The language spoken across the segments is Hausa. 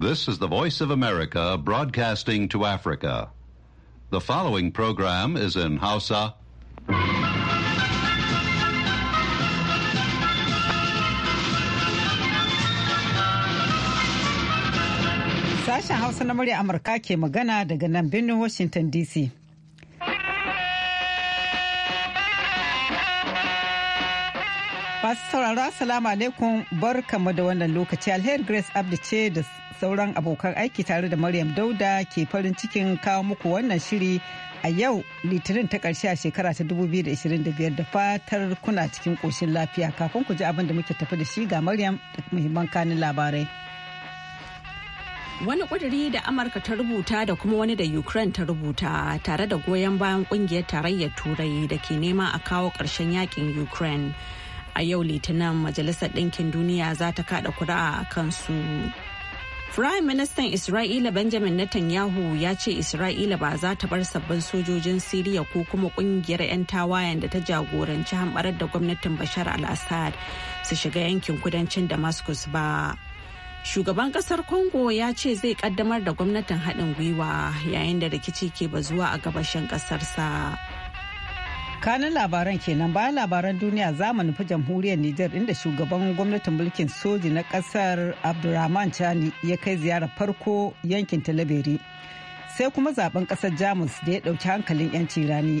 This is the Voice of America broadcasting to Africa. The following program is in Hausa. Sashen Hausa na murya Amurka ke magana daga nan birnin Washington DC. Masu sauraro Assalamu alaikum barkamu da wannan lokaci alheri Grace Abdi ce da sauran abokan aiki tare da Maryam Dauda ke farin cikin kawo muku wannan shiri a yau litinin ta karshe a shekara ta 2025 da fatar kuna cikin ƙoshin lafiya kafin ku ji abin da muke tafi da shi ga Maryam da muhimman kanin labarai. Wani ƙuduri da Amurka ta rubuta da kuma wani da Ukraine ta rubuta tare da goyon bayan ƙungiyar tarayyar Turai da ke nema a kawo ƙarshen yakin Ukraine. A yau Litinin Majalisar Ɗinkin Duniya za ta kaɗa kuri'a a kansu. Prime Ministan Isra'ila Benjamin Netanyahu ya ce Isra'ila ba za ta bar sabbin sojojin Siriya ko kuma kungiyar 'yan tawayen da ta jagoranci hamɓarar da gwamnatin Bashar al-Assad su shiga yankin kudancin Damascus ba. Shugaban kasar Congo ya ce zai kaddamar da gwamnatin haɗin gwiwa yayin da rikici ke bazuwa a gabashin ƙasarsa. kanan labaran kenan bayan labaran duniya za mu nufi jamhuriyar Nijar inda shugaban gwamnatin mulkin soji na kasar Abdulrahman Chani ya kai ziyarar farko yankin Talabiri. Sai kuma zaben kasar Jamus da ya ɗauki hankalin 'yanci rani.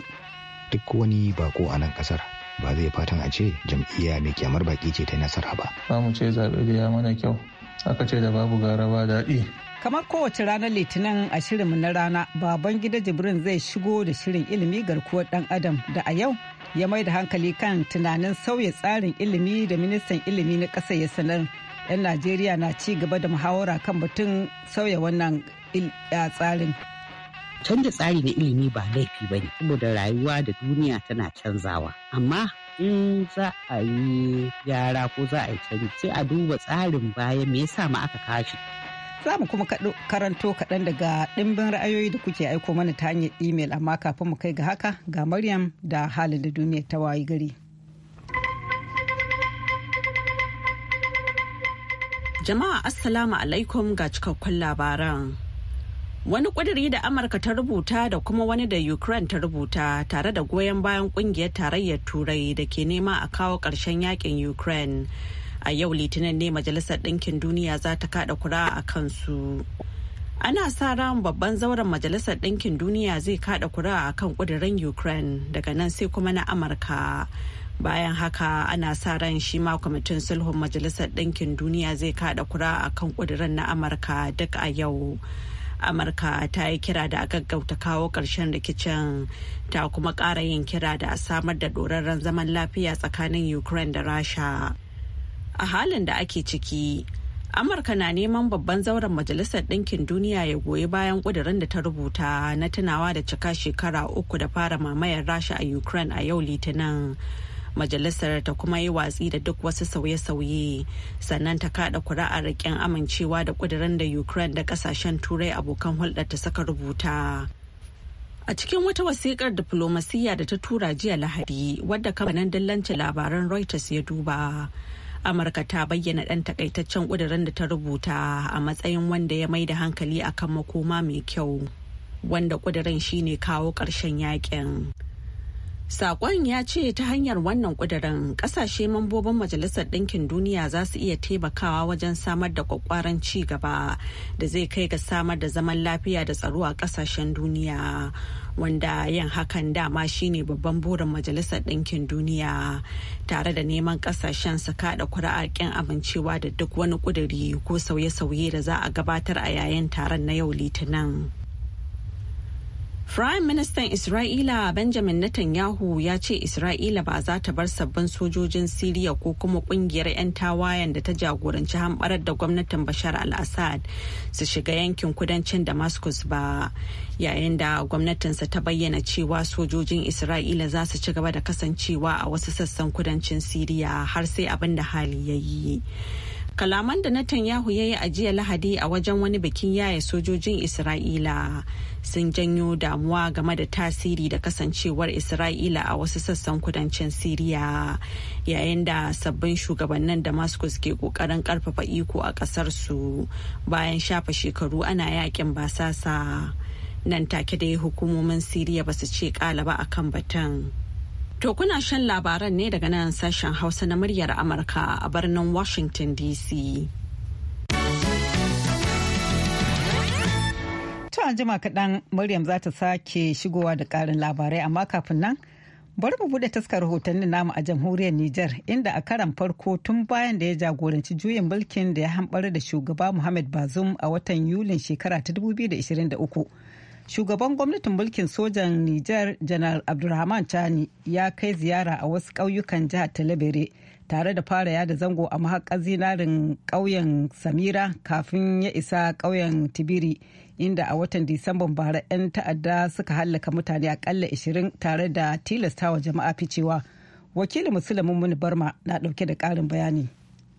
Duk wani bako a nan kasar ba zai fatan a ce jam'iyya mai kyamar baki ce ta nasara ba. Ba mu ce zaɓe da ya mana kyau, aka ce da babu gara ba daɗi. kamar kowace ranar litinin a shirinmu na rana baban gida jibrin zai shigo da shirin ilimi garkuwar dan adam da a yau ya mai da hankali kan tunanin sauya tsarin ilimi da ministan ilimi na ƙasa ya sanar yan najeriya na ci gaba da muhawara kan batun sauya wannan tsarin Canza tsari na ilimi ba laifi ba ne saboda rayuwa da duniya tana canzawa amma in za a yi yara ko za a yi canji sai a duba tsarin baya me yasa ma aka kashi za mu kuma karanto kaɗan daga ɗimbin ra'ayoyi da kuke aiko mana ta hanyar imel amma kafin mu kai ga haka ga maryam da halin da duniya ta wayi gari jama'a assalamu alaikum ga cikakkun labaran wani ƙudiri da amurka ta rubuta da kuma wani da ukraine ta rubuta tare da goyon bayan ƙungiyar tarayyar turai da ke nema a kawo ƙarshen yakin ukraine a yau litinin ne majalisar ɗinkin duniya za ta kada kura a kansu ana sa ran babban zauren majalisar ɗinkin duniya zai kaɗa kura a kan ƙudurin ukraine daga nan sai kuma na amurka bayan haka ana sa ran shi ma kwamitin sulhun majalisar ɗinkin duniya zai kaɗa kura a kan ƙudurin na amurka duk a yau amurka ta yi kira da a gaggauta kawo ƙarshen rikicin ta kuma ƙara yin kira da a samar da ɗorarren zaman lafiya tsakanin ukraine da rasha a halin da ake ciki amurka na neman babban zauren majalisar ɗinkin duniya ya goyi bayan ƙudurin da ta rubuta na tunawa da cika shekara uku da fara mamayar rasha a ukraine a yau litinin majalisar ta kuma yi watsi da duk wasu sauye-sauye sannan ta kada kuri'ar rikin amincewa da ƙudurin da ukraine da ƙasashen turai abokan hulɗar ta saka rubuta A cikin wata wasiƙar diflomasiyya da ta tura jiya Lahadi, wadda kamfanin dallancin labaran Reuters ya duba, amurka ta bayyana ɗan takaitaccen kudirin da ta rubuta a matsayin wanda ya mai da hankali akan makoma mai kyau wanda kudirin shine kawo ƙarshen yakin Sakon ya ce ta hanyar wannan kudirin kasashe mambobin Majalisar Ɗinkin Duniya za su iya taimakawa wajen samar da kwakwaran ci gaba da zai kai ga samar da zaman lafiya da tsaro a kasashen duniya. Wanda yin hakan dama shine babban burin Majalisar Ɗinkin Duniya tare da neman kasashen su kada kuri'a ƙin amincewa da duk wani kuduri ko sauye-sauye da za a gabatar a yayin taron na yau Litinin. Firayim Ministan Isra'ila Benjamin Netanyahu ya ce Isra'ila ba za ta bar sabbin sojojin Siriya ko kuma kungiyar 'yan tawayen da ta jagoranci hamɓarar da gwamnatin Bashar al-Assad su shiga yankin kudancin Damascus ba. Yayin da gwamnatinsa ta bayyana cewa sojojin Isra'ila za su ci gaba da kasancewa a wasu sassan kudancin Siriya har sai abin da hali ya yi. kalaman da Netanyahu ya yi a jiya lahadi a wajen wani bikin yaya sojojin Isra'ila sun janyo damuwa game da tasiri da kasancewar Isra'ila a wasu sassan kudancin Siriya yayin da sabbin shugabannin Damascus ke kokarin karfafa iko a kasar su bayan shafa shekaru ana yakin basasa nan take dai hukumomin Siriya ba su ce ba akan batun. To kuna shan labaran ne daga nan sashen Hausa na muryar Amurka a birnin Washington DC. an jima kaɗan Maryam za ta sake shigowa da ƙarin labarai amma kafin nan bari mu buɗe taskar rahotannin namu a jamhuriyar Nijar inda a karan farko tun bayan da ya jagoranci juyin mulkin da ya hambar da shugaba Muhammad bazum a watan Yulin shekara ta 2023 shugaban gwamnatin mulkin sojan niger janar abdulrahman chani ya kai ziyara a wasu ƙauyukan jihar talabere tare da fara yada zango a mahaƙar zinarin ƙauyen samira kafin ya isa ƙauyen tibiri inda a watan disamban bara 'yan ta'adda suka hallaka mutane akalla 20 tare da tilastawa jama'a ficewa wakilin musulmin muni barma na ɗauke da ƙarin bayani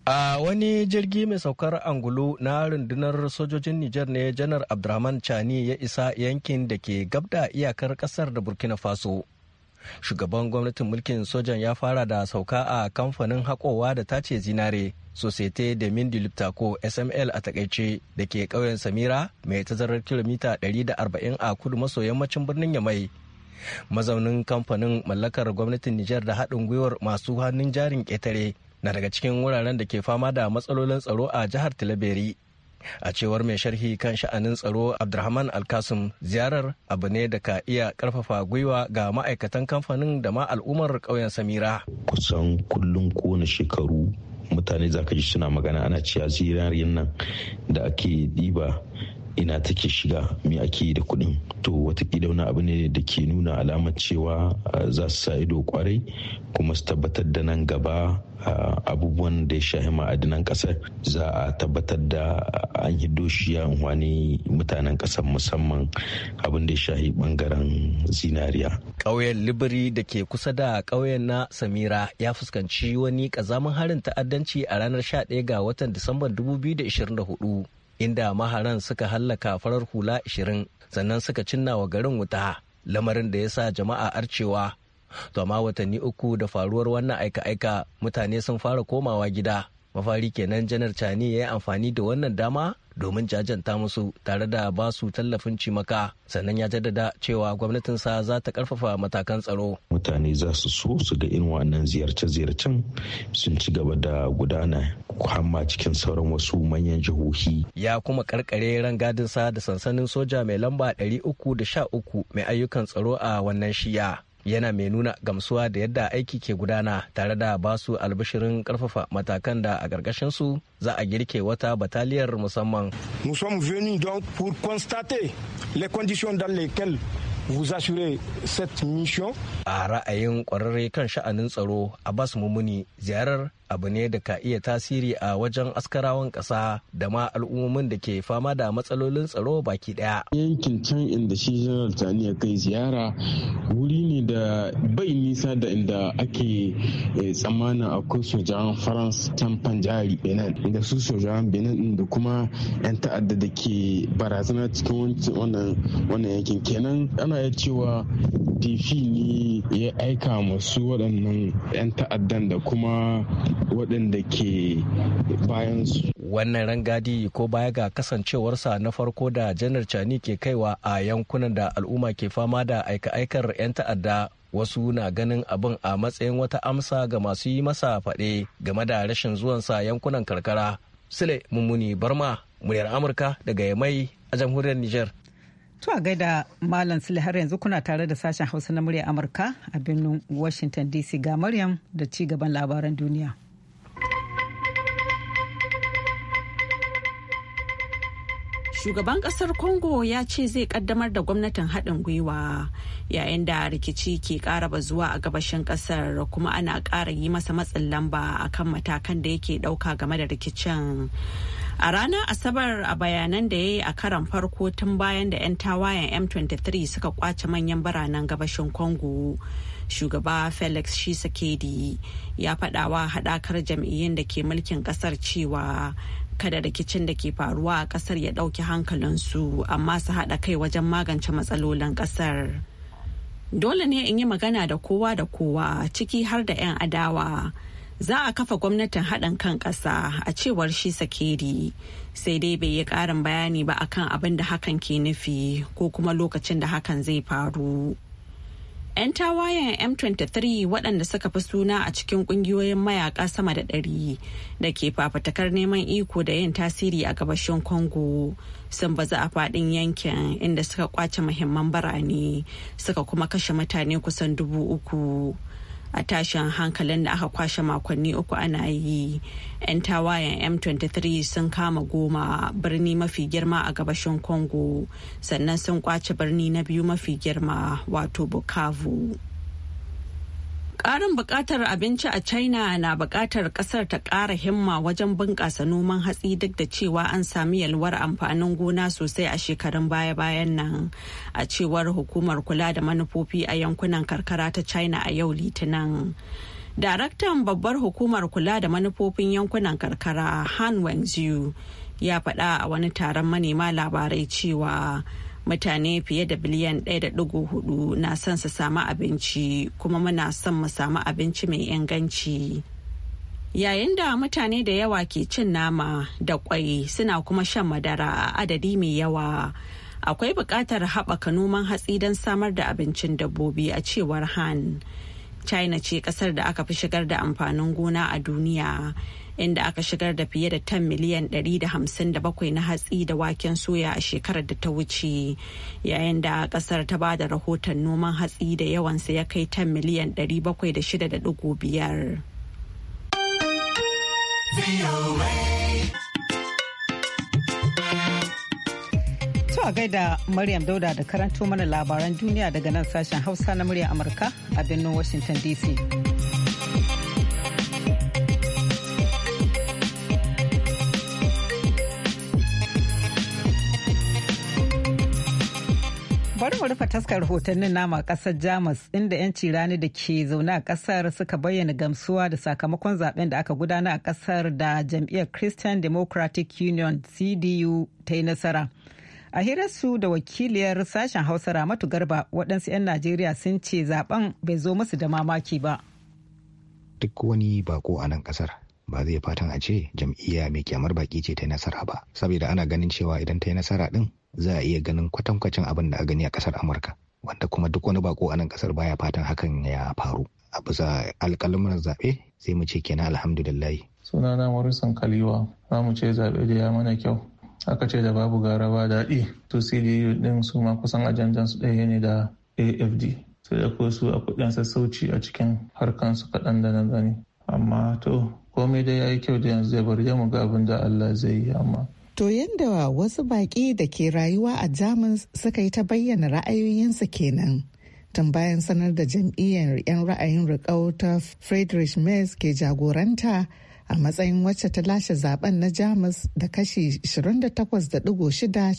A wani jirgi mai saukar angulu na rundunar sojojin Nijar ne Janar Abdurrahman Chani ya isa yankin da ke gabda iyakar kasar da Burkina Faso. Shugaban gwamnatin mulkin sojan ya fara da sauka a kamfanin haƙowa da tace zinare, Societe de Mindi Liptako SML a takaice da ke ƙauyen Samira mai tazarar kilomita 140 a kudu maso yammacin birnin Yamai. Mazaunin kamfanin mallakar gwamnatin Nijar da haɗin gwiwar masu hannun jarin ƙetare na daga cikin wuraren da ke fama da matsalolin tsaro a jihar Tilaberi. A cewar mai sharhi kan sha'anin tsaro Abdulrahman Alkasim ziyarar abu ne da ka iya karfafa gwiwa ga ma'aikatan kamfanin da ma al'ummar ƙauyen Samira. Kusan kullum kowane shekaru mutane za ka ji suna magana ana cewa yin nan da ake diba ina take shiga me ake yi da kuɗin to watakila wani abu ne da ke nuna alamar cewa ah, za su sa ido kwarai kuma su tabbatar da nan gaba ah, abubuwan da ya shahi ma'adinan ƙasar za a tabbatar da an hiddo shi ya wani mutanen ƙasar musamman abin da ya shahi bangaren zinariya ƙauyen libiri da ke kusa da ƙauyen na samira ya fuskanci wani ƙazamin harin ta'addanci a ranar 11 ga watan disamban 2024 inda maharan suka hallaka farar hula 20 sannan suka cinna wa garin wuta lamarin da ya sa jama'a arcewa to amma watanni uku da faruwar wannan aika-aika mutane sun fara komawa gida mafari kenan janar cani ya yi amfani da wannan dama domin jajanta musu tare da ba su tallafin cimaka sannan ya jaddada cewa gwamnatinsa za ta karfafa matakan tsaro mutane za su so su ga irin wannan ziyarce-ziyarcen sun ci gaba da gudana hamma cikin sauran wasu manyan jihohi ya kuma karkare rangadinsa da sansanin soja mai lamba 313 mai ayyukan tsaro a wannan shiya yana mai nuna gamsuwa da yadda aiki ke gudana tare da basu albishirin karfafa matakan da a ƙarƙashin su za a girke wata bataliyar musamman. Nous sommes venus donc pour constater les conditions dans lesquelles vous assurez mission. A ra'ayin kwararre kan sha'anin tsaro a Abbas Mumuni ziyarar abu ne da ka iya tasiri a wajen askarawan ƙasa da ma al'ummomin da ke fama da matsalolin tsaro baki ɗaya. yankin can inda shi general tani kai ziyara wuri ne da bai nisa da inda ake eh, tsammanin akwai sojan faransa can panjari benin inda su sojan benin da kuma 'yan ta'adda da ke barazana cikin wannan yankin kenan ana ya cewa difi ne ya aika masu waɗannan 'yan ta'addan da kuma waɗanda ke bayan su. Wannan rangadi ko baya ga kasancewarsa na farko da janar Cani ke kaiwa a yankunan da al'umma ke fama da aika-aikar 'yan ta'adda wasu na ganin abin a matsayin wata amsa ga masu yi masa faɗe game da rashin zuwan sa yankunan karkara. Sule Mummuni Barma, muryar Amurka daga Yamai a jamhuriyar Nijar. To a gaida Malam Sule har yanzu kuna tare da sashen Hausa na muryar Amurka a birnin Washington DC ga Maryam da ci gaban labaran duniya. shugaban kasar congo ya ce zai kaddamar da gwamnatin haɗin gwiwa yayin da rikici ke ƙara bazuwa a gabashin kasar kuma ana ƙara yi masa matsin lamba akan matakan da yake ɗauka game da rikicin a ranar asabar a bayanan da ya yi a karan farko tun bayan da 'yan tawayen m23 suka kwace manyan biranen gabashin congo shugaba felix shisekedi ya faɗawa haɗakar jam'iyyun da ke mulkin ƙasar cewa kada rikicin da ke faruwa a kasar ya ɗauki hankalinsu amma su haɗa kai wajen magance matsalolin kasar. Dole ne in yi magana da kowa da kowa ciki har da 'yan adawa. Za a kafa gwamnatin haɗin kan ƙasa a cewar shi sakeri sai dai bai yi ƙarin bayani ba akan abin da hakan ke nufi ko kuma lokacin da hakan zai faru. 'Yan tawayen M23 waɗanda suka fi suna a cikin ƙungiyoyin mayaka sama da ɗari da ke fafatakar neman iko da yin tasiri a gabashin Congo sun bazu a faɗin yankin inda suka kwace muhimman birane suka kuma kashe mutane kusan dubu uku. a tashin hankalin da aka kwashe makonni uku ana yi 'yan tawayen m23 sun kama goma birni mafi girma a gabashin congo sannan sun kwace birni na biyu mafi girma wato bukavu Karin buƙatar abinci a China na buƙatar ƙasar ta ƙara himma wajen bunƙasa noman hatsi duk da cewa an sami yalwar amfanin gona sosai a shekarun baya-bayan nan. A cewar hukumar kula da manufofi a yankunan karkara ta China a yau Litinin. Daraktan babbar hukumar kula da manufofin yankunan karkara Han Wenzhou ya faɗa a wani taron manema labarai cewa mutane fiye da biliyan 1.4 na son su samu abinci kuma muna son mu samu abinci mai inganci yayin da mutane da yawa ke cin nama da kwai suna kuma shan madara a adadi mai yawa akwai buƙatar haɓaka noman hatsi don samar da abincin dabbobi a cewar han china ce ƙasar da aka fi shigar da amfanin gona a duniya inda aka shigar da fiye da tan miliyan 157 na hatsi da waken soya a shekarar da ta wuce yayin da kasar ta ba da rahoton noman hatsi da yawansa ya kai tan miliyan 706.5 a gaida Maryam Dauda da karanto mana labaran duniya daga nan sashen Hausa na murya Amurka a birnin Washington DC. bari mu rufe taskar hotonnin nama kasar jamus inda yanci rani da ke zaune a kasar suka bayyana gamsuwa da sakamakon zaben da aka gudana a kasar da jam'iyyar christian democratic union cdu ta yi nasara a hirarsu da wakiliyar sashen hausa ramatu garba waɗansu 'yan najeriya sun ce zaben bai zo musu da mamaki ba duk wani bako a nan kasar ba zai fatan a ce jam'iyya mai kyamar baki ce ta yi nasara ba saboda ana ganin cewa idan ta yi nasara din za a iya ganin kwatankwacin abin da a gani a kasar amurka wanda kuma duk wani bako a nan kasar baya fatan hakan ya faru a bisa alƙalmin zaɓe sai mu ce kenan alhamdulillahi sunana marusan kaliwa za mu ce zaɓe da ya mana kyau aka ce da babu gara ba daɗi to cdu ɗin su ma kusan ajanjan su ɗaya ne da afd sai da ko su a kuɗin sassauci a cikin harkan su kaɗan da na gani amma to komai dai ya yi kyau da yanzu zai bari mu ga abin da allah zai yi amma To yadda wasu baƙi da ke rayuwa a Jamus suka yi ta bayyana ra'ayoyinsu kenan. Tun bayan sanar da jam'iyyar 'yan ra'ayin riƙau ta Friedrich Merz ke jagoranta a matsayin wacce ta lashe zaben na Jamus da kashi 28.6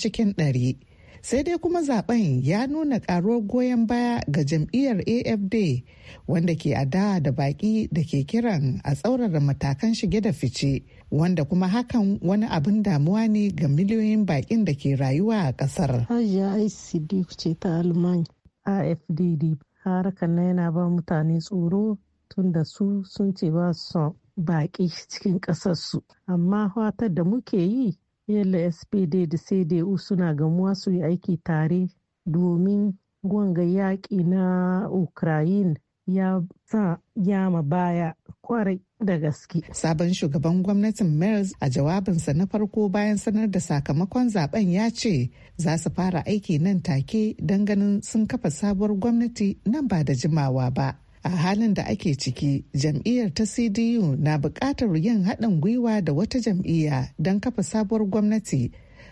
cikin ɗari. sai dai kuma zaben ya nuna karuwar goyon baya ga jam'iyyar afd wanda ke adawa da baki da ke kiran a tsaurara matakan shige da fice wanda kuma hakan wani abin damuwa ne ga miliyoyin bakin da ke rayuwa a kasar. Hajiya ICD ce ta Alman AFDD harkar na yana ba mutane tsoro tun da su sun ce ba su baƙi cikin ƙasarsu. Amma fatar da muke yi yalla SPD da CDU suna gamuwa su yi aiki tare domin gwanga yaƙi na Ukraine ya sa yama baya kwarai da gaske. Sabon shugaban gwamnatin Mills a jawabinsa na farko bayan sanar da sakamakon zaben ya ce za su fara aiki nan take don ganin sun kafa sabuwar gwamnati nan ba da jimawa ba. A halin da ake ciki, jam'iyyar ta CDU na buƙatar yin haɗin gwiwa da wata jam'iyya don kafa sabuwar gwamnati.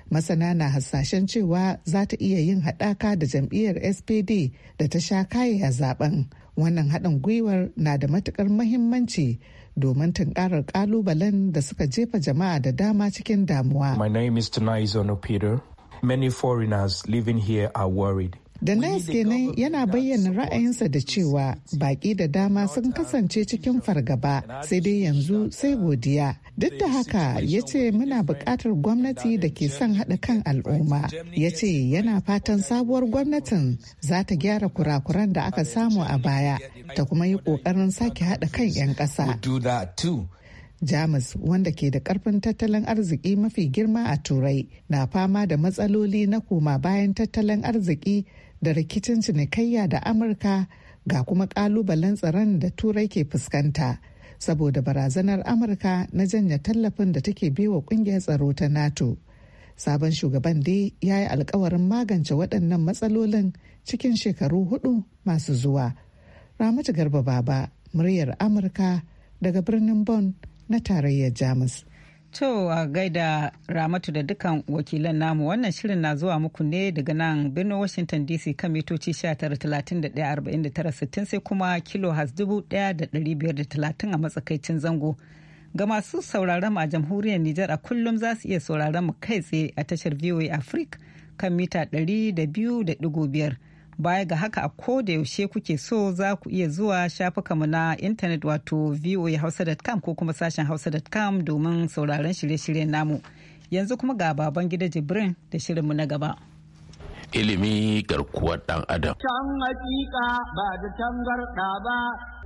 Masana na hasashen cewa za ta iya yin haɗaka da jam'iyyar SPD da ta sha kaya zaben. Wannan haɗin gwiwar na da matuƙar mahimmanci domin tunkarar kalubalen da suka jefa jama'a da dama cikin damuwa. My name is Tunai Zono Peter. Many foreigners living here are worried. da nas kenan yana bayyana ra'ayinsa da cewa baƙi da dama sun kasance cikin fargaba sai dai yanzu sai godiya duk da haka ya ce muna buƙatar gwamnati da ke son haɗa kan al'umma ya ce yana fatan sabuwar gwamnatin za ta gyara kurakuran da aka samu a baya ta kuma yi ƙoƙarin sake haɗa kan 'yan ƙasa Jamus wanda ke da karfin tattalin arziki mafi girma a Turai na fama da matsaloli na koma bayan tattalin arziki da rikicin cinikayya da amurka ga kuma kalubalen tsaron da turai ke fuskanta saboda barazanar amurka na janya tallafin da take biwa kungiyar tsaro ta nato sabon shugaban dai ya yi alkawarin magance waɗannan matsalolin cikin shekaru hudu masu zuwa ramatu garba baba muryar amurka daga birnin bonn na tarayyar jamus To a gaida Ramatu da dukan wakilan namu wannan shirin na zuwa muku ne daga nan birnin Washington DC kan mitoci sittin sai kuma kilo has 1,530 a matsakaicin zango. Ga masu sauraron mu a jamhuriyar Nijar a kullum za su iya sauraron mu kai tsaye a tashar VOA Africa kan mita 200.5. Baya ga haka a ko da yaushe kuke so za ku iya zuwa shafukanmu na intanet wato voahausa.com ko kuma sashen hausa.com domin sauraron shirye-shiryen namu. Yanzu kuma ga baban gida Jibrin da shirinmu na gaba. Ilimi garkuwar ɗan adam. Can hakika ba da tangarɗa ba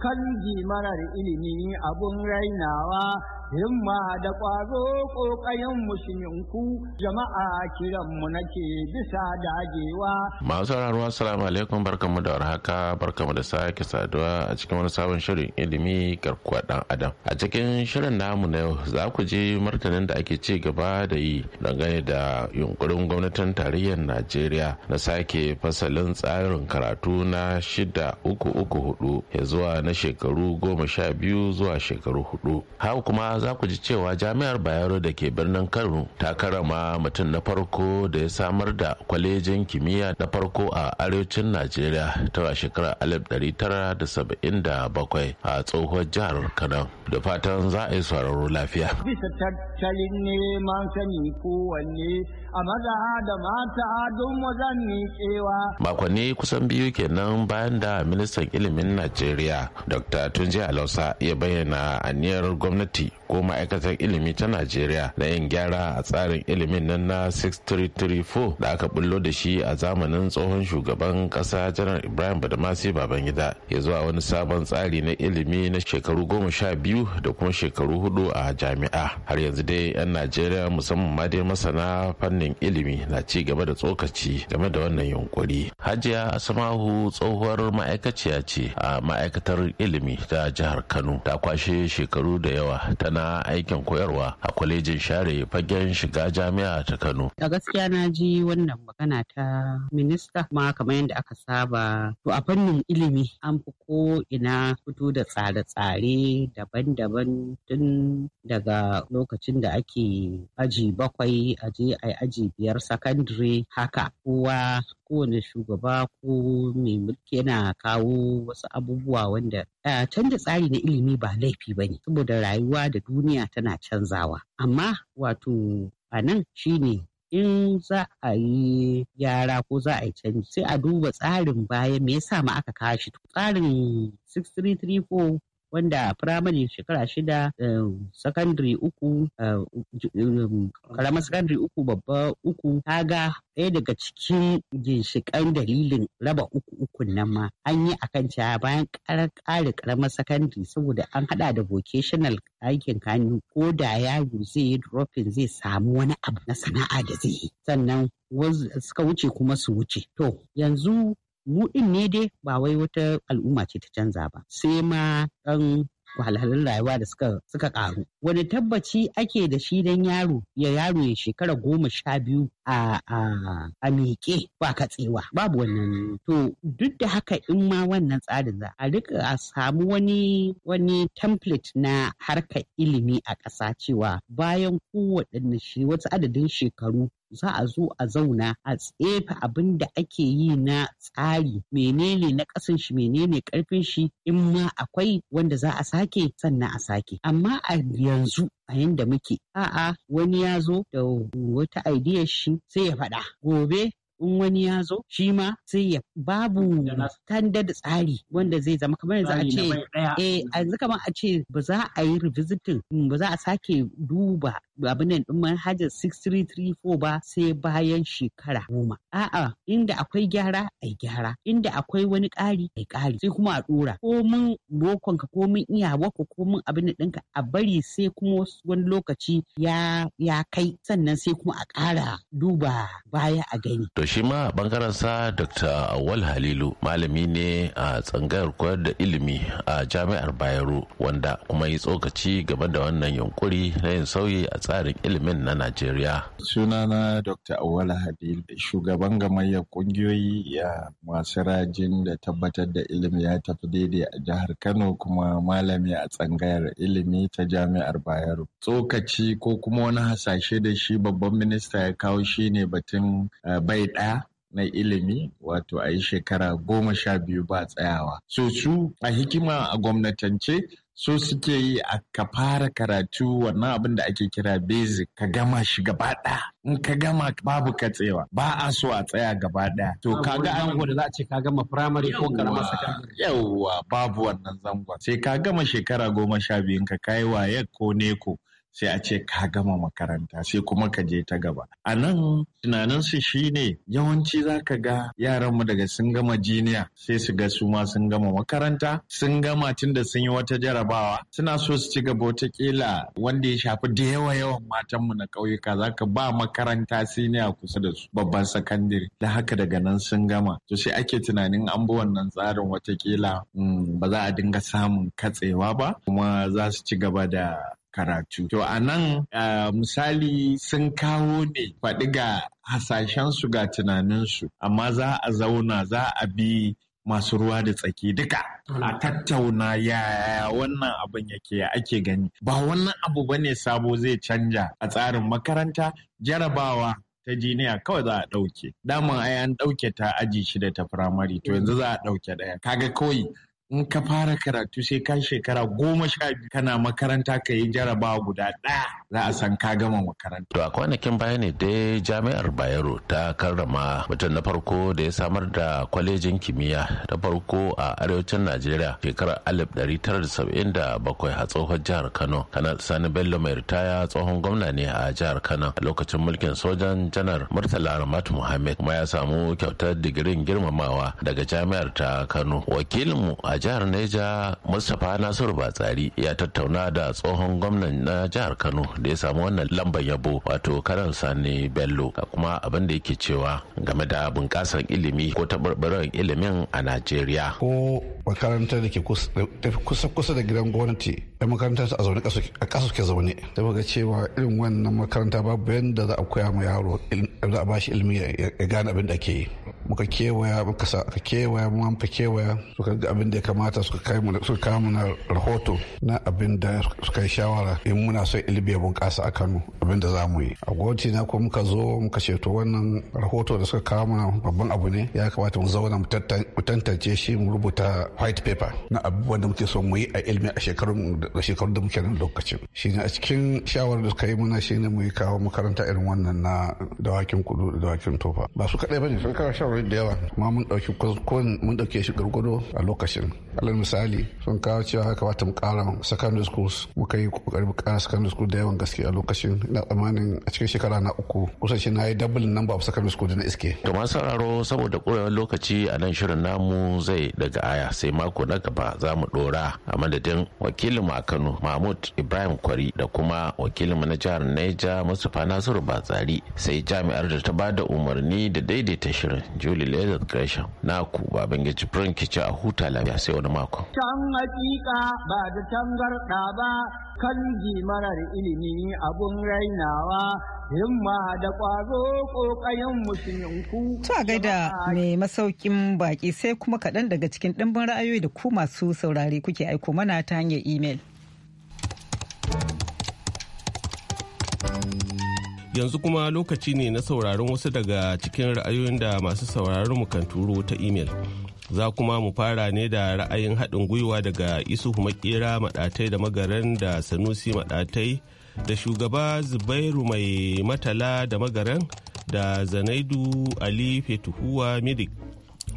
kan marar ilimi abun rainawa himma da ƙwazo ƙoƙayen musulminku jama'a kiranmu nake bisa dagewa. Masu sauraro assalamu alaikum barkamu da warhaka barkamu da sake saduwa a cikin wani sabon shirin ilimi garkuwa ɗan adam. A cikin shirin namu na yau za ku je martanin da ake ci gaba da yi dangane da yunkurin gwamnatin tarayyar Najeriya na sake fasalin tsarin karatu na shida uku uku hudu ya zuwa na shekaru goma sha biyu zuwa shekaru hudu. Haka kuma za ku ji cewa jami'ar bayero da ke birnin kano ta karama mutum na farko da ya samar da kwalejin kimiyya na farko a arewacin najeriya ta shekarar 1977 a tsohuwar jihar kano da fatan za a yi sauraro lafiya bisa tattalin ne man sani kowanne a maza da mata don wazanni cewa. Makonni kusan biyu kenan bayan da ministan ilimin Najeriya Dr. Tunji Alausa ya bayyana aniyar gwamnati ko ma'aikatar ilimi ta najeriya na yin gyara a tsarin ilimin nan na 6334 da aka bullo da shi a zamanin tsohon shugaban kasa janar ibrahim badamasi babangida ya zuwa wani sabon tsari na ilimi na shekaru goma sha biyu da kuma shekaru hudu a jami'a har yanzu dai 'yan najeriya musamman ma dai masana fannin ilimi na ci gaba da tsokaci game da wannan yunkuri hajiya asamahu tsohuwar ma'aikaciya ce a ma'aikatar ilimi ta jihar kano ta kwashe shekaru da yawa tana na aikin koyarwa a kwalejin share fagen shiga jami'a ta Kano. A gaskiya na ji wannan magana ta minista ma kamar yadda aka saba to a fannin ilimi an fi ko ina fito da tsare-tsare daban-daban tun daga lokacin da ake aji bakwai aje a aji biyar sakandare haka kowa kowane shugaba ko mai mulki yana kawo wasu abubuwa wanda canza tsari na ilimi ba laifi ba ne saboda rayuwa da duniya tana canzawa amma wato a nan shine in za a yi yara ko za a yi canji sai a duba tsarin baya me yasa ma aka kashi shi tsarin 6334 wanda firamare shekara shida eh, sakandare uku eh, um, karamar sakandare uku babba uku ta ga. ɗaya daga cikin ginshiƙan dalilin raba uku ukun nan ma an yi akan cewa bayan ƙara karamar sakandare saboda an hada da vocational aikin hannu ko da yaro zai yi dropin zai samu wani abu na sana'a da zai yi sannan suka wuce kuma su wuce to yanzu mu din ne dai ba wai wata al'umma ce ta canza ba sai ma ɗan wahalhalun rayuwa da suka ƙaru wani tabbaci ake da shi don yaro ya yaro ya shekara goma sha biyu a a miƙe ba katsewa babu wannan to duk da haka in ma wannan tsarin za a rika a samu wani wani template na harkar ilimi a ƙasa cewa bayan kowaɗanne shi wasu adadin shekaru za a zo a zauna a tsefa abin da ake yi na tsari menene na ƙasan shi menene ƙarfin shi in ma akwai wanda za a sake sannan a sake amma a yanzu a yanda muke a'a wani ya zo da wata idea shi sai ya faɗa gobe in wani ya zo shi ma sai ya babu tanda da tsari wanda zai zama kamar yanzu a ce eh yanzu kamar a ce ba za a yi revisiting mm, ba za a sake duba abin nan din manhajar 6334 ba sai bayan shekara goma a'a inda akwai gyara ai gyara inda akwai wani ƙari ai ƙari sai kuma a dora ko mun bokon ka ko mun iyawa ko mun abin nan ɗinka a bari sai kuma wani lokaci ya ya kai sannan sai kuma a ƙara duba baya a gani shi ma bangaren sa dr awal halilu malami ne a tsangayar koyar da ilimi a jami'ar bayero wanda kuma yi tsokaci game da wannan yunkuri na yin sauyi a tsarin ilimin na najeriya sunana dr awal halilu shugaban gamayyar kungiyoyi ya masu rajin da tabbatar da ilimi ya tafi daidai a jihar kano kuma malami a tsangayar ilimi ta jami'ar bayero tsokaci ko kuma wani hasashe da shi babban minista ya kawo shine batun eh, bai ɗaya na ilimi wato a yi shekara goma sha biyu ba tsayawa. So su a hikima a gwamnatance so suke yi a ka fara karatu wannan abin da ake kira basic ka gama shi gaba ɗaya in ka gama babu katsewa ba a so a tsaya gaba ɗaya to ka ga an wanda za a ce ka gama primary ko karama secondary yawwa babu wannan zangon sai ka gama shekara goma sha biyu ka kai waye ko neko sai a ce ka gama makaranta sai kuma ka je ta gaba a nan tunaninsu shine yawanci za ka ga yaranmu daga sun gama jiniya sai su ga su ma sun gama makaranta sun gama tun da sun yi wata jarabawa suna so su ci gaba watakila wanda ya shafi da yawa yawan matanmu na ƙauyuka za ka ba makaranta siniya kusa da su babban sakandare da haka daga nan sun gama to sai ake tunanin an bi wannan tsarin watakila mm, ba za a dinga samun katsewa ba kuma za su ci gaba da karatu. To a nan misali sun kawo ne faɗi ga hasashensu ga tunaninsu, amma za a zauna za a bi masu ruwa da tsaki duka a hmm. tattauna ya wannan abin yake ake gani ba wannan abu bane sabo zai canja a tsarin makaranta jarabawa ta jiniya kawai za a ɗauke. Daman ai an ɗauke ta aji shida ta firamare to yanzu za a ɗauke ɗaya. Kaga kawai in ka fara karatu sai ka shekara goma sha biyu kana makaranta ka yi jarabawa guda ɗaya za a san ka gama makaranta. To a kwanakin baya ne dai jami'ar Bayero ta karrama mutum na farko da ya samar da kwalejin kimiyya ta farko a arewacin Najeriya shekarar alif ɗari tara da da saba'in bakwai a tsohon jihar Kano. Kana Sani Bello mai ritaya tsohon gwamna ne a jihar Kano a lokacin mulkin sojan janar Murtala Ramatu Muhammad kuma ya samu kyautar digirin girmamawa daga jami'ar ta Kano. Wakilinmu a jihar neja mustapha nasiru batsari ya tattauna da tsohon gwamnan na jihar kano da ya samu wannan lambar yabo wato karan sani bello kuma abin da yake cewa game da bunƙasar ilimi ko taɓarɓarar ilimin a najeriya ko makaranta da ke kusa da gidan gwamnati da makaranta a zaune a ƙasa ke zaune da ga cewa irin wannan makaranta babu yadda za a koya ma yaro za a bashi ilimi ya gane abin da ke yi muka kewaya muka sa kewaya muka kewaya muka ga abin da ya kamata su mu mana rahoto na abin da suka yi shawara in muna son ilimi ya bunƙasa a Kano abin da za mu yi. A gwamnati na kuma muka zo muka ceto wannan rahoto da suka kawo mana babban abu ne ya kamata mu zauna mu tantance shi mu rubuta white paper na abubuwan da muke so mu yi a ilimi a shekarun da shekarun da muke nan lokacin. Shi ne a cikin shawarar da suka yi muna shi ne mu yi kawo makaranta irin wannan na dawakin kudu da dawakin tofa. Ba su kadai ba ne sun kawo shawarar da yawa kuma mun ɗauki mun ɗauke shi gargado a lokacin alal misali sun kawo cewa haka wata mu kara secondary schools muka yi kokari mu kara secondary school da yawan gaske a lokacin ina tsammanin a cikin shekara na uku kusan shi na yi double number of secondary school da na iske to masu sauraro saboda kurewar lokaci a nan shirin namu zai daga aya sai mako na gaba za mu dora a madadin wakilin mu a Kano Mahmud Ibrahim Kwari da kuma wakilin mu na jihar Neja Mustapha Nasiru Batsari sai jami'ar da ta bada umarni da daidaita shirin Julie lezard Gresham na ku babangeji Frank a huta lafiya sai wani mako. Can hakika ba da tangarɗa ba kan marar ilimi abun rainawa himma da ƙwazo ƙoƙayen musulunku. To a gaida mai masaukin baƙi sai kuma kaɗan daga cikin ɗimbin ra'ayoyi da ku masu saurari kuke aiko mana ta hanyar imel. Yanzu kuma lokaci ne na sauraron wasu daga cikin ra'ayoyin da masu sauraron mu kan turo ta imel. za kuma mu fara ne da ra'ayin haɗin gwiwa daga isuhu makera maɗatai da magaran da sanusi maɗatai da shugaba zubairu mai matala da magaran da zanaidu ali fetuhuwa midik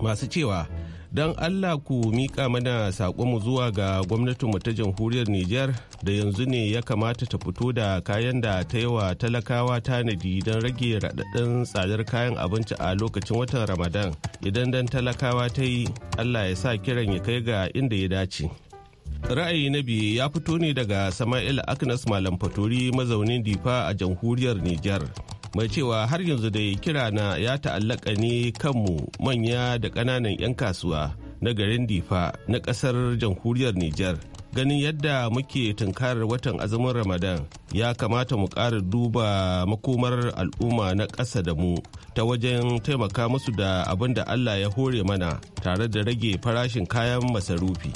masu cewa don Allah ku miƙa mana mu zuwa ga gwamnatinmu ta jamhuriyar Nijar da yanzu ne ya kamata ta fito da kayan da ta yi wa talakawa tanadi don rage raɗaɗin tsadar kayan abinci a lokacin watan Ramadan idan dan talakawa ta yi Allah ya sa kiran ya kai ga inda ya dace. Ra'ayi na biyu ya fito ne daga Sama'il Aknas Malam Fatori mazaunin Difa a jamhuriyar Nijar. mai cewa har yanzu dai kira na ya ta'allaka ne kanmu manya da ƙananan 'yan kasuwa na garin difa na ƙasar jamhuriyar Nijar. Ganin yadda muke tunkarar watan azumin Ramadan ya kamata mu ƙara duba makomar al'umma na ƙasa da mu ta wajen taimaka musu da abin da Allah ya hore mana tare da rage farashin kayan masarufi.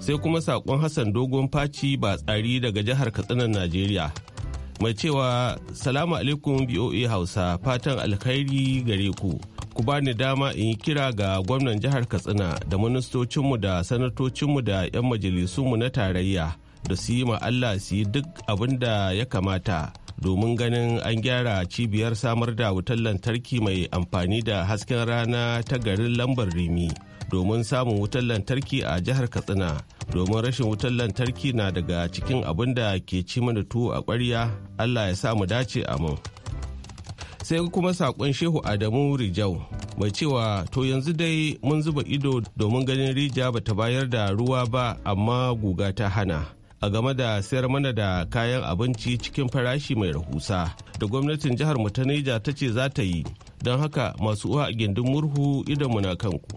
Sai kuma saƙon Hassan Dogon Faci ba tsari daga jihar katsinan Najeriya mai cewa salamu alaikum boa hausa fatan alkhairi gare ku ku ba ni dama in yi kira ga gwamnan jihar katsina da ministocinmu da sanatocinmu da 'yan majalisunmu na tarayya da su yi Allah su yi duk abin da ya kamata domin ganin an gyara cibiyar samar da wutar lantarki mai amfani da hasken rana ta garin lambar rimi. domin samun wutar lantarki a jihar katsina domin rashin wutar lantarki na daga cikin abin da ke ci mana tuwo a ƙwarya allah ya sa mu dace mun. sai kuma saƙon shehu adamu rijau mai cewa to yanzu dai mun zuba ido domin ganin rija ba ta bayar da ruwa ba amma guga ta hana a game da sayar mana da kayan abinci cikin farashi mai rahusa da gwamnatin jihar mu ta ta ce za ta yi don haka masu uwa a gindin murhu idonmu na kanku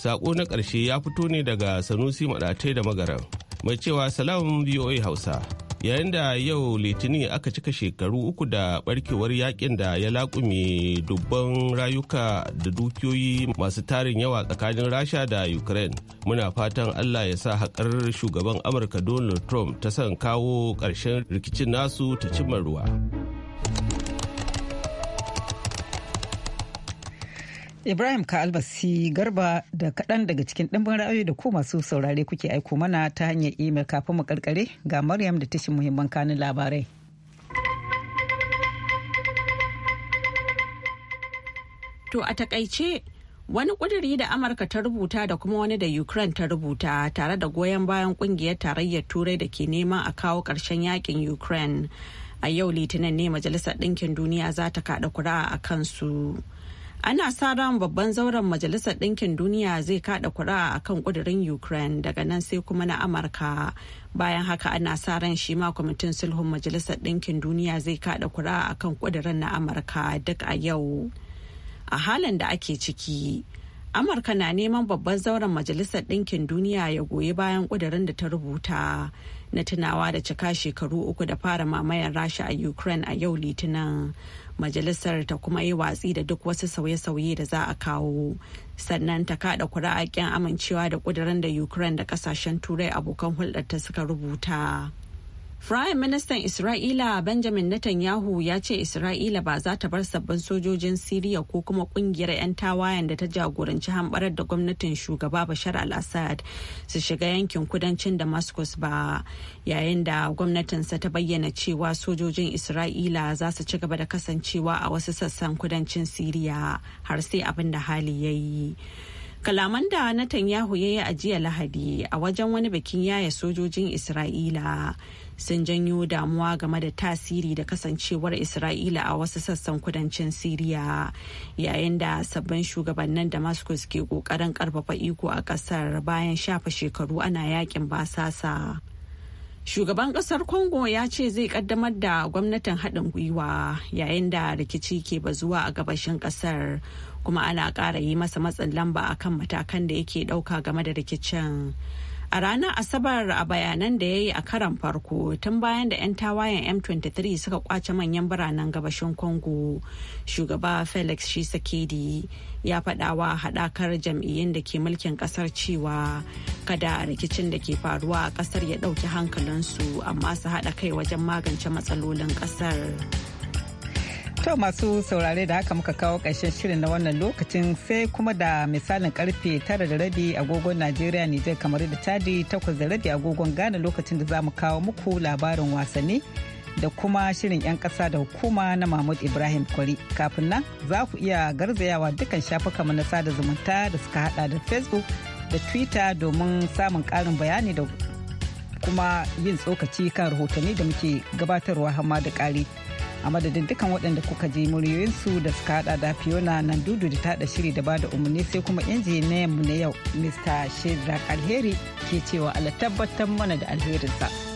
Sako na ƙarshe ya fito ne daga Sanusi Maɗatai da Magaran. Mai cewa salamun VOA Hausa. Yayin da yau Litinin aka cika shekaru uku da barkewar yakin da ya laƙume dubban rayuka da dukiyoyi masu tarin yawa tsakanin Rasha da Ukraine. Muna fatan Allah ya sa haƙar shugaban Amurka Donald Trump ta son kawo ƙarshen rikicin nasu ta cimma ruwa. Ibrahim ka albasi garba da kaɗan daga cikin ɗimbin ra'ayoyi da ku masu saurare kuke aiko mana ta hanyar imel kafin mu karkare ga Maryam da tashin muhimman kanin labarai. To a takaice wani ƙuduri da Amurka ta rubuta da kuma wani da Ukraine ta rubuta tare da goyon bayan ƙungiyar tarayyar turai da ke neman a kawo ƙarshen yakin Ukraine. A yau litinin ne Majalisar Ɗinkin Duniya za ta kaɗa kura a kansu. ana sa ran babban zauren majalisar ɗinkin duniya zai kada kuri'a kan kudirin ukraine daga nan sai kuma na amurka bayan haka ana sa ran shi ma kwamitin sulhun majalisar ɗinkin duniya zai kada kuri'a kan kudirin na amurka duk a yau a halin da ake ciki amurka na neman babban zauren majalisar ɗinkin duniya ya goyi bayan kudirin da ta rubuta na tunawa da cika shekaru uku da fara mamayar rasha a ukraine a yau litinin majalisar ta kuma yi watsi da duk wasu sauye-sauye da za a kawo sannan ta kada kuri'a amincewa da kudirin da ukraine da kasashen turai abokan hulɗar ta suka rubuta Firayim Ministan Isra'ila Benjamin Netanyahu ya ce Isra'ila ba za ta bar sabbin sojojin Siriya ko kuma kungiyar 'yan tawayen da ta jagoranci hambarar da gwamnatin shugaba Bashar al-Assad su shiga yankin kudancin Damascus ba yayin da gwamnatinsa ta bayyana cewa sojojin Isra'ila za su ci gaba da kasancewa a wasu sassan kudancin Siriya har sai abin da hali ya yi. Kalaman da Netanyahu ya yi a jiya Lahadi a wajen wani bikin yaya sojojin Isra'ila sun janyo damuwa game da tasiri da kasancewar Isra'ila a wasu sassan kudancin Siriya yayin da sabbin shugabannin Damascus ke kokarin karfafa iko a kasar bayan shafa shekaru ana yakin basasa. Shugaban kasar Congo ya ce zai kaddamar da gwamnatin haɗin gwiwa yayin da rikici ke bazuwa a gabashin kasar. kuma ana ƙara yi masa matsin lamba akan matakan da yake ɗauka game da rikicin. A ranar Asabar a bayanan da ya yi a karan farko tun bayan da 'yan tawayen M23 suka kwace manyan biranen gabashin Congo, shugaba Felix Shisekedi ya faɗawa haɗakar jam'iyyun da ke mulkin ƙasar cewa kada rikicin da ke faruwa a ƙasar ya ɗauki hankalinsu amma su haɗa kai wajen magance matsalolin ƙasar. To masu saurare da haka muka kawo ƙarshen shirin na wannan lokacin sai kuma da misalin karfe tara da rabi agogon Najeriya Nijar kamar da tadi takwas da rabi agogon Ghana lokacin da za mu kawo muku labarin wasanni da kuma shirin 'yan ƙasa da hukuma na Mahmud Ibrahim Kwari. Kafin nan za ku iya garzayawa dukkan shafuka na sada zumunta da suka hada da Facebook da Twitter domin samun karin bayani da kuma yin tsokaci kan rahotanni da muke gabatarwa hamma da ƙari. a madadin dukkan waɗanda kuka ji su da suka hada da fiona nan dudu da tada shiri da bada umarni sai kuma injiniyan mu na yau mr shedrak alheri ke cewa ala tabbatar mana da alherinsa.